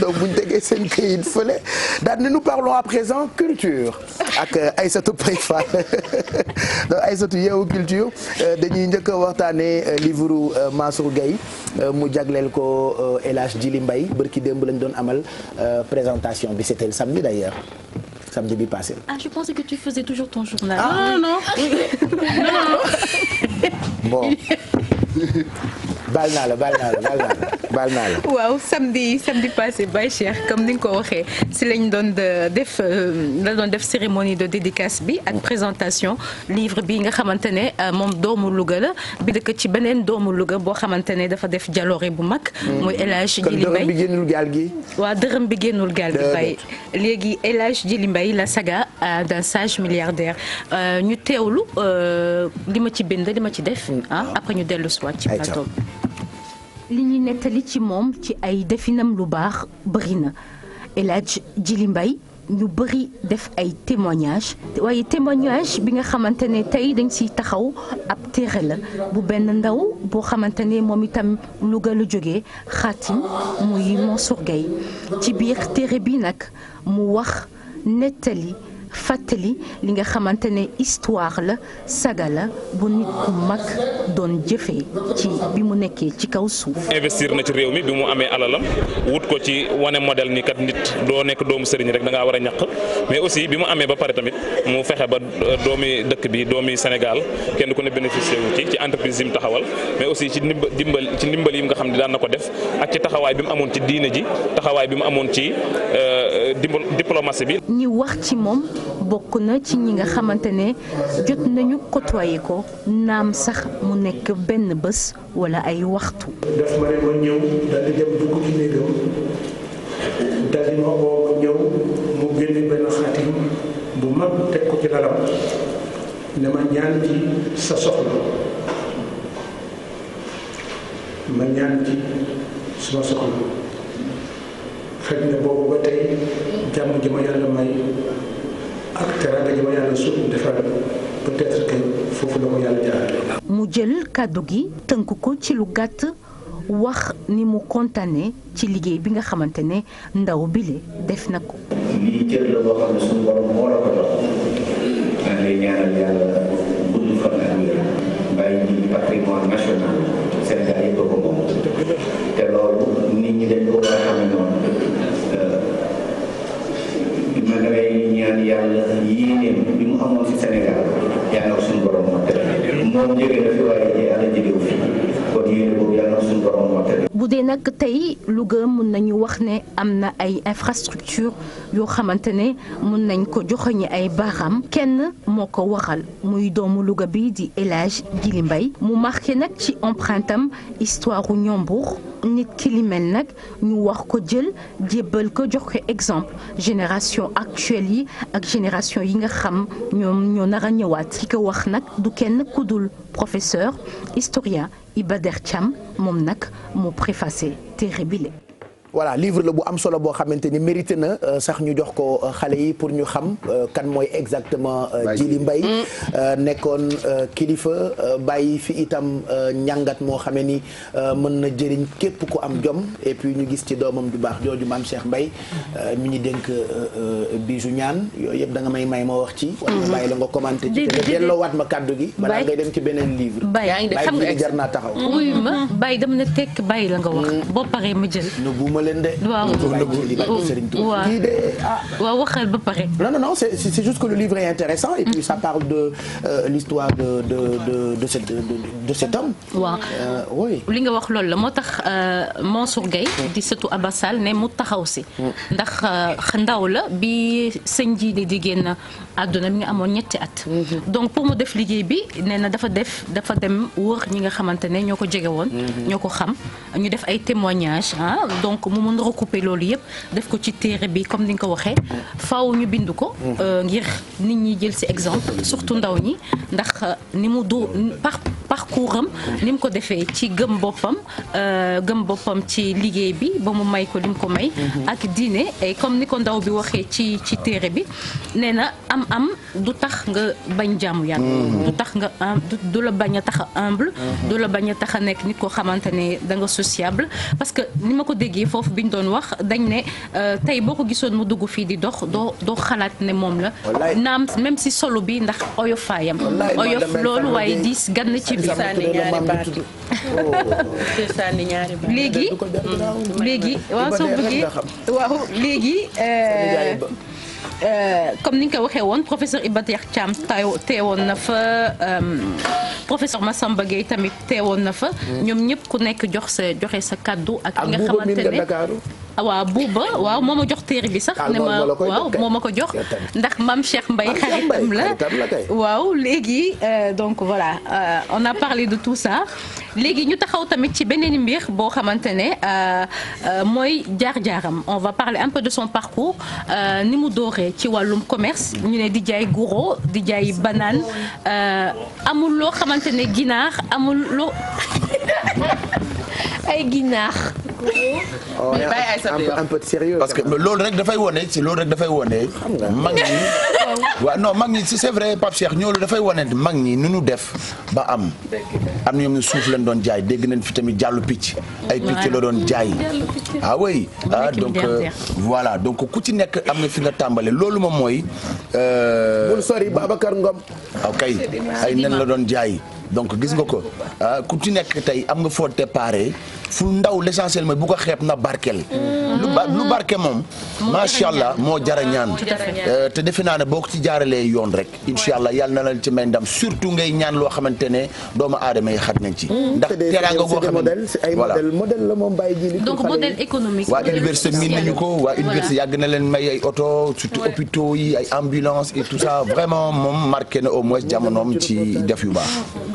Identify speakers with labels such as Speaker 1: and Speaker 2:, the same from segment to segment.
Speaker 1: donc bu ñu tegee seen këyit fële daal ne nous parlons présent culture ak euh, Aïssatou Paye Fall donc Aïssatou yeewu culture euh, dañuy njëkk a waxtaanee euh, livre Mansour Gueye mu jagleel ko El Hadj Djili Mbaye bërki démb lañ doon amal présentation bi c'était le samedi d'ailleurs samedi bi passé.
Speaker 2: ah je pensais que tu faisais toujours ton journal. Ah, non non
Speaker 1: non baal naa la baal naa la baal naa la baal naa la.
Speaker 2: waaw samedi samedi passé Baye Cheikh comme ni nga ko waxee si lañ doon euh, def euh, la doon def cérémonie de dédicace bi ak présentation livre bi nga xamante ne euh, moom doomu Louga la bi dëkk ci beneen doomu Louga boo xamante ne dafa def jaloore bu mag. Hmm. muy El Hadj Djili Mbaye kon dërëm bi génnul gaal gi. waaw dërëm bi génnul gaal gi Baye léegi El Hadj Djili Mbaye la saga d'un sage milliardaire ñu teewlu li ma ci bind li ma ci def hmm. ah après ñu dellu si wàcc ci plateau li ñu nettali ci moom ci ay definam lu baax bëri na El Hadj mbay Mbaye ñu bëri def ay témoignage waaye témoignage bi nga xamante ne tey dañ siy taxaw ab téere la bu benn ndaw boo xamante ne moom itam Louga la jóge xaatim muy Mansour ci biir téere bi nag mu wax nettali fàttali li nga xamante ne histoire la saga la bu nit ku mag doon jëfee bi mu nekkee ci kaw suuf.
Speaker 1: investir na ci réew mi bi mu amee alalam wut ko ci wane modèle ni kat nit doo nekk doomu sëriñ rek da ngaa war a ñàq mais aussi bi mu amee ba pare tamit mu fexe ba euh, doomi dëkk bi doomi Sénégal kenn ku ne bénéficié wu ci ci entreprise yi mu taxawal mais aussi ci ndimbal ci ndimbal yi nga xam ne daan na ko def ak ci taxawaay bi mu amoon ci diine ji taxawaay bi mu amoon ci euh, euh, diplomatie bi.
Speaker 2: ñi wax ci bokk na ci ñi nga xamante ne jot nañu côtoyer ko naam sax mu nekk benn bés wala ay waxtu.
Speaker 1: daf ma ne ma ma teg ko ci lalam ne ma ñaan ci sa soxla ma ñaan ci suma soxla xëy na boobu ba tey jàmm ji ma yàlla may.
Speaker 2: mu jël kàddu gi tënk ko ci lu gàtt wax ni mu kontaane ci liggéey bi nga xamante ne ndaw bi bile def na ko. nekk tey Louga mun nañu am na ay infrastructure yoo xamante ne mun nañ ko joxoñi ay baaxam kenn moo ko waxal muy doomu Louga bi di El Hadj Djily Mbaye mu marqué nag ci empreinte am histoire u Ñombour nit ki li mel nag ñu wax ko jël jébbal ko jox ko exemple génération actuelle yi ak génération yi nga xam ñoom ñoo nar a ñëwaat ki ko wax nag du kenn ku dul professeur historien Iba Der moom nag mu préfacé téere bile
Speaker 1: voilà livre la bu am solo boo xamante ni mérité na euh, sax ñu jox ko euh, xale yi pour ñu xam euh, kan mooy exactement Djily Mbaye mm. nekkoon kilifa bàyyi fi itam njàngat moo xamee ni mën na jëriñ képp ku am jom et puis ñu gis ci doomam ju baax jooju maam Cheikh mbay mi ñu dénk bisu ñaan yooyu yëpp da nga may may ma wax ci wala ma mm-hmm. bàyyi la nga commenté ci te delloo waat ma kàddu gi balaa ngay dem ci beneen livre bàyyi
Speaker 2: jar naa taxaw wuy ma mm-hmm. bàyyi dama ne tekk bàyyi
Speaker 1: leen de. waaw oh.
Speaker 2: kii de ah. waxal ba pare. non non non c'est
Speaker 1: c'est juste que le livre est intéressant et puis ça parle de euh, l'histoire de cet homme.
Speaker 2: waaw euh, li nga wax loolu la moo tax euh, Mansour Gueye mm. di sëtu Abassal ne mu taxaw si. Mm. ndax ndaw la bi sëñ ji di génn àdduna bi nga amoon ñetti at. Mm-hmm. donc pour mu def liggéey bi nee na dafa def dafa dem wër ñi nga xamante ne ñoo ko jege woon. Mm-hmm. ñoo ko xam ñu def ay témoignages ah. donc. mu mën recouper loolu yëpp def ko ci téere bi comme ni nga ko waxee faaw ñu bind ko euh, ngir nit ñi jël ci exemple surtout ndaw ñi ndax euh, ni mu du parcours am ni mu ko defee ci gëm boppam euh, gëm boppam ci liggéey bi ba mu may ko li ko may mhm. ak diine et comme ni ko ndaw bi waxee ci ci téere bi nee na am am du tax nga bañ jaamu yàlla mhm. du tax nga du la bañ a tax a humble mhm. bañ tax a nekk nit koo xamante ne da nga sociable parce que ni ma ko déggee foofu bi ñu doon wax dañ ne euh, tey boo ko gisoon mu dugg fii di dox doo doo xalaat ne moom la naam même si solo bi ndax oyofaayam oyof loolu waaye diis gann ci Oh. sànni ñaari baat ci sànni ñaari baat comme ni nga ko waxee woon professeur Iba Der Thiam teewoon na fa euh, professeur Massamba Gueye tamit teewoon na fa hmm. ñoom ñëpp ku nekk jox sa joxe sa kaddu ak nga xamante ne Ah, waa buuba waaw moo ma jox téere bi sax ah, ne ma waaw moo ma ko jox ndax mam Cheikh Mbaye xaritam la waaw léegi euh, donc voilà euh, on a parlé de tout ça léegi ñu taxaw tamit ci beneen mbir boo xamante ne euh, mooy jaar-jaaram on va parler un peu de son parcours ni mu dooree ci wàllum commerce ñu ne di jaay guro di jaay banaan amul loo xamante ne ginaar amul loo ay ginaar Oh, un
Speaker 3: peu de parce que loolu rek dafay wone si loolu rek dafay wone mag ñi waaw non mag ñi si c'est vrai Pape Cheikh ñoolu dafay wone mag ñi nu ñu def ba am am na ñoom ñu suuf leen doon jaay dégg nañ fi tamit jàllu picc ay picc la doon jaay ah oui ah donc euh, voilà donc ku ci nekk am na fi nga tàmbale loolu moom mooy euh, bul sori Babacar Ngom ok ay nen la doon jaay donc gis nga ko ah, ku ci nekk tey am nga foote déparé fu ndaw l' essentiel mooy bu ko xeeb na barkeel.
Speaker 1: lu barke moom.
Speaker 3: macha allah moo jara ñaan. Eh, te defe naa ne boo ko ci jaaralee yoon rek. incha allah yàlla na leen ci may ndam surtout ngay ñaan loo xamante ne doomu aadama yi xat nañ ci. Mm. ndax teraanga goo xam ne ay modèle
Speaker 1: modèle la moom bàyyi
Speaker 2: ji. donc modèle économique. waa université miin ko waa yàgg
Speaker 3: na leen may ay oto surtout hôpitaux yi ay ambulance et vraiment moom marqué na au moins jamonoom ci def yu baax.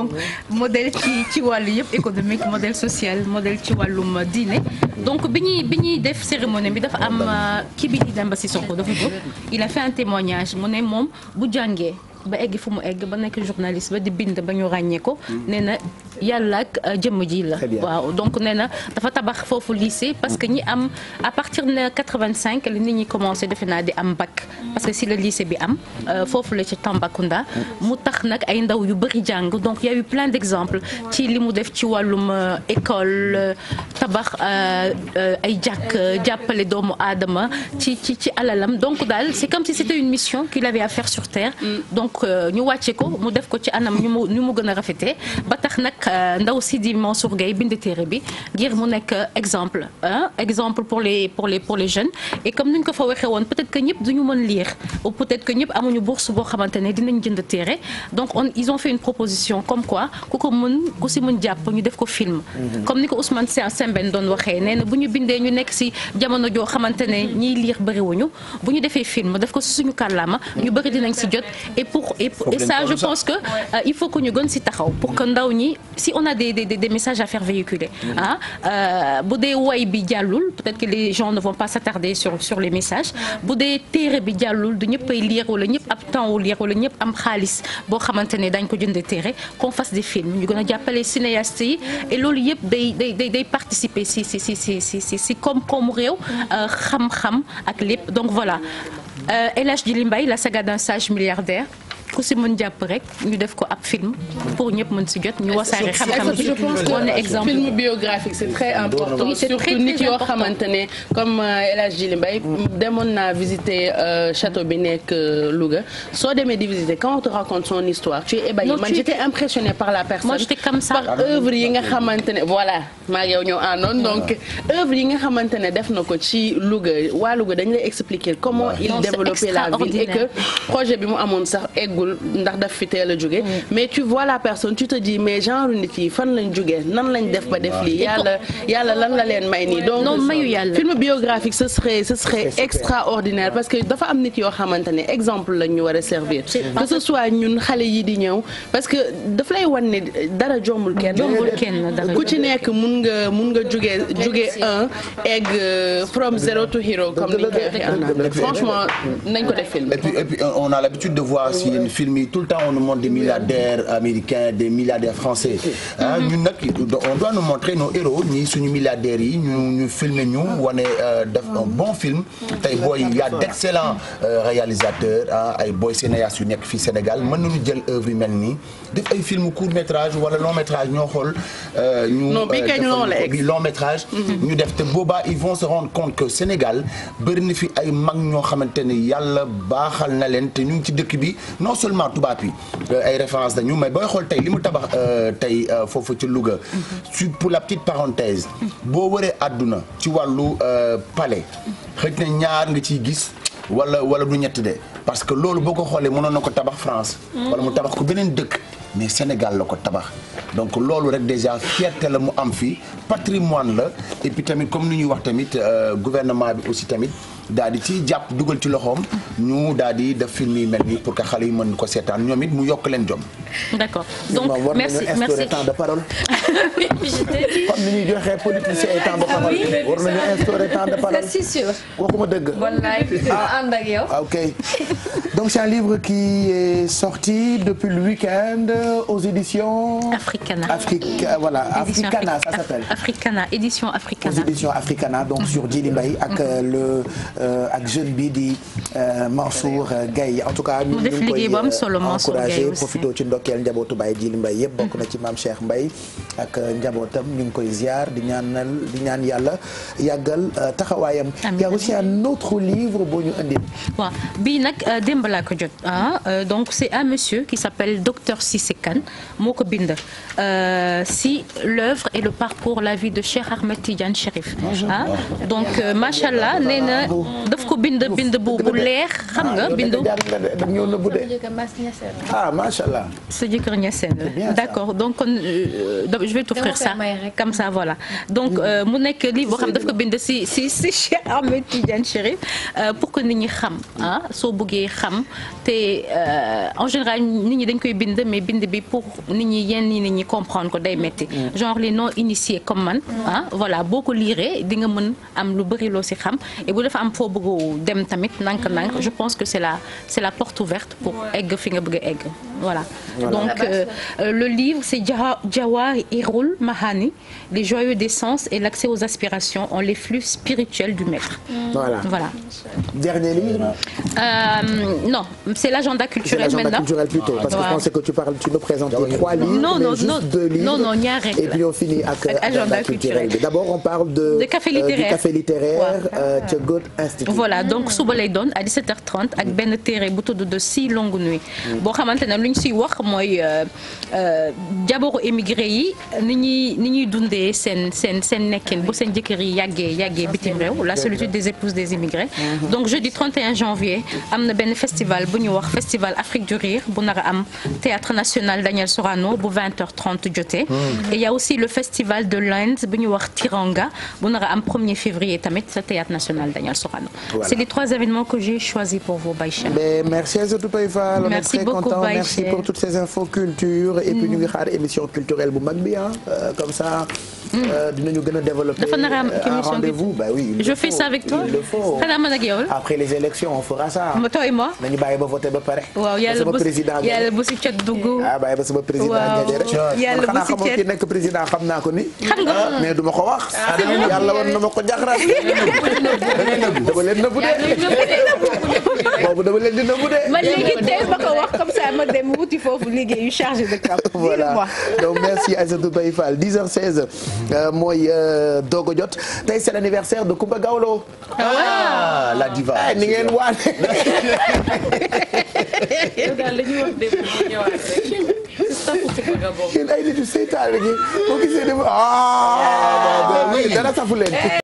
Speaker 2: donc modèle ci ci wàllu yëpp économique modèle social modèle ci wàllum diine donc bi ñuy bi ñuy def cérémonie bi dafa am euh, kii bi di Demba Sissoko dafa jóg il a fait un témoignage mu ne moom bu jàngee ba egg fu mu egg ba nekk journaliste ba di bind ba ñu ràññee ko. Mm. nee na yàlla ak euh, jëmm ji la. waaw donc nee na dafa tabax foofu lycée. parce que ñi am à partir de 85 li nit ñi commencé defe naa di am bac. parce que si la lycée bi am euh, foofu la ci Tambacounda. mu tax nag ay ndaw yu bëri jàng donc y a eu plein ci li mu def ci wàllum euh, école. tabax euh, euh, ay jàkk jàppale doomu aadama ci ci ci alalam donc daal c'est comme si c'était une mission qu'il avait à faire sur terre mm. donc euh, ñu wàcce ko mu def ko ci anam ñu mu ñu mu gën a rafetee ba tax nag ndaw si di Mansour Gueye bind téere bi ngir mu nekk exemple exemple pour les pour les pour jeunes et comme ni ñu ko fa waxee woon peut-être que du ñu mën lire ou peut-être que ñëpp amuñu bourse boo xamante ne dinañ jënd téere donc on ils ont fait une proposition comme quoi ku ko mën ku si mën jàpp ñu def ko film mm-hmm. comme ni ko Ousmane Sembène doon waxee nee na bu ñu bindee ñu nekk ne ñiy liir ñu defee film def ko si suñu kàllaama ñu bëri dinañ si jot et pour et ça je pense que euh, il faut que ñu pour que ndaw ñi si on a des des des messages à faire véhiculer mm. ah euh, bu dee way bi jàllul peut-être que les gens ne vont pas s'attarder sur sur les messages bu dee téere bi jàllul du ñëpp ay liir wala ñëpp ab temps wu liir wala ñëpp am xaalis boo xamante ne dañ ko jëndee téere qu'on fasse des films ñu gën jàppale cinéastes yi et loolu yëpp day day participer si si si si si si si koom-koomu réew mm. euh, xam-xam ak lépp donc voilà euh, El Hadj Djily Mbaye la saga d'un sage milliardaire ku si mën jàpp rek ñu def ko ab film pour ñëpp mën si jot ñu wasaare film biographique c'est très important surtout nit yoo xamante
Speaker 4: ne comme euh, El Hadj Djily Mbaye demoon visiter euh, château bi nekk euh, Louga soo demee di visiter quand on te raconte son histoire tu es ébahi man par la personne par œuvre yi nga xamante ne voilà maa ngi yow ñëw donc œuvre yi nga xamante ne def na ko ci luga waa Louga dañ lay expliquer comment il développait la ville et que xamul ndax daf fi teel a jóge mais tu vois la personne tu te dis mais genre nit yi fan lañ jógee nan lañ def ba def lii yàlla yàlla lan la leen may nii donc film biographique ce serait ce serait extraordinaire parce que dafa am nit yoo xamante ne exemple lañ ñu war a servir que ce soit ñun xale yi di ñëw parce que dafa lay wan ni dara jombul kenn ku ci nekk mun nga mun nga jógee jógee un egg from zero franchement nañ ko def
Speaker 3: film film yi tout le temps on nous montre des milliardaires américains des milliardaires français mm-hmm. ah ñun nag on doit nous montrer nos héros ñi suñu milliardaires yi ñu ñu filmer ñu wane euh, def un mm-hmm. bon film mm-hmm. tey booy y a d'excellents euh, ah, ay booy cinéastes yu nekk fii Sénégal mën nañu jël œuvre mel nii def ay film court métrage wala long métrage ñoo xool euh, ñu bi long ñu def te boobaa ils vont se rendre compte que Sénégal bëri na fi ay mag ñoo xamante ne yàlla baaxal na leen te ñu ngi ci dëkk bi seulement tubaab yi euh, ay référence dañu mais booy xool tey li mu tabax euh, tey euh, foofu ci Louga su pour la petite parenthèse boo wëree àdduna ci wàllu palais xëj na ñaar nga ciy gis wala wala du ñett de parce que loolu boo ko xoolee mënoon na ko tabax France wala mu tabax ko beneen dëkk mais Sénégal la ko tabax donc loolu rek déjà fierté la mu am fii patrimoine la et tamit comme ni ñuy wax tamit euh, gouvernement bi aussi tamit daal di ci jàpp dugal ci loxoom ñu daal di def film yi mel nii pour que xale yi mën ko seetaan ñoom it mu yokk leen jom.
Speaker 2: d'accord donc merci merci temps de
Speaker 1: parole. comme ni ñuy joxe politiciens yi temps de parole. war nañu instaurer temps de parole. waxuma dëgg. wallaay ah. ah, ok. Donc c'est un livre qui est sorti depuis le week-end euh, aux éditions... Africana. Africa, euh, voilà, édition Africana, Africa, ça s'appelle.
Speaker 2: Africana, édition
Speaker 1: Africana. donc sur Djily Mbaye ak euh, le ak jeune bi di Mansour Gaye en tout cas ñu ngi koy encouragé ci ndokkeel njabootu Baye Djily mbay yëpp bokk na ci maam Cheikh mbay ak njabootam ñu ngi koy ziar di ñaanal di ñaan yàlla yàggal
Speaker 2: taxawaayam. amiin y a aussi un autre livre boo ñu indil. waaw laa ko jot ah euh, donc c'est un monsieur qui s'appelle docteur Cissé Kane moo ko bind euh, si l'œuvre et le parcours la vie de Cheikh Ahmed Tidiane Chérif ah donc euh, macha allah nee na ko bind bind bu bu leer xam nga bind ah, ah macha allah sa donc kon je vais t'offrir ça comme ça voilà donc mu nekk lii boo xam daf ko bind si si pour que nit ñi xam ah soo xam te euh, en général nit ñi dañ koy bind mais bind bi pour nit ñi yenn nit ñi comprendre ko day metti mm. genre les non initiés comme man mm. ah voilà boo ko liiree di nga mën am lu bëri loo si xam et bu dafa am foo bëgg dem tamit nank-nank mm. je pense que c'est la c'est la porte ouverte pour egg fi nga bëgg egg voilà. voilà. donc euh, euh, le livre c'est Jawahir Hirul Mahani les joyaux des sens et l'accès aux aspirations en les flux spirituels du maître. Mm. voilà voilà.
Speaker 1: dernier livre.
Speaker 2: Euh, non c'est l'agenda culturel maintenant c'est l'agenda culturel parce que je pensais
Speaker 1: que tu parles tu nous présentes trois livres. non non non
Speaker 2: deux livres, non non ak
Speaker 1: d'abord on parle de. Euh, café littéraire
Speaker 2: euh, donc suba à 17h30 ak benn téere bu tudd longue nuit mm. luñ siy wax mooy euh, euh, jabaru émigré yi ni ñuy ni ñuy dundee seen seen seen nekkin bu seen jëkkër yi yàggee yàggee bitim réew la solitude des épouses des immigrés mm-hmm. donc jeudi 31 janvier am na benn festival bu ñu wax festival Afrique du Rire bu nar am théâtre national Daniel Sorano bu 20h30 jotee mm-hmm. et y le festival de l'Inde bu ñu wax Tiranga bu nar a am 1er février tamit sa théâtre national Daniel Sorano c'est les trois événements que j'ai choisi pour vous Baïcha
Speaker 1: merci à vous merci pour toutes ces infos culture. et puis mm. ñu ngi xaar émission culturelle bu mag bi ah comme ça. Mm. Euh, dinañu gën a développer. dafa nar a am euh, émission rendez-vous bah oui. je fais ça avec toi xanaa man ak yow la. après les élections on fera ça. ma tooy ma. nañu bàyyi ba voté ba pare.
Speaker 2: waaw yàlla bu yàlla
Speaker 1: bu si cët dugg. ah bàyyi ba sama président ñebe rek. yàlla bu si cët nekk président xam naa ko ni. xam nga ah, mais du ma ko wax. Ah, yàlla war na ma ko jaxraat. dama leen nëbbu de. dama leen
Speaker 2: nëbbu
Speaker 4: de. boobu dama
Speaker 1: leen di nëbbu de. man léegi
Speaker 4: tey ma ko wax
Speaker 2: dama dem wuti foofu liggéeyu chargé de camp.
Speaker 4: voilà donc merci Aïssatou
Speaker 1: Paye Fall 10h16 mooy euh, doog a jot tey c'est l'anniversaire de Kumba Gawlo. Ah. ah la diva. Eh, ni ngeen waane. yow daal la ñuy wax démb bu ñëwaat rek. yéen ay nit yu seytaane gi boo gisee dama ah, eh, ah, eh, ah dara safu leen.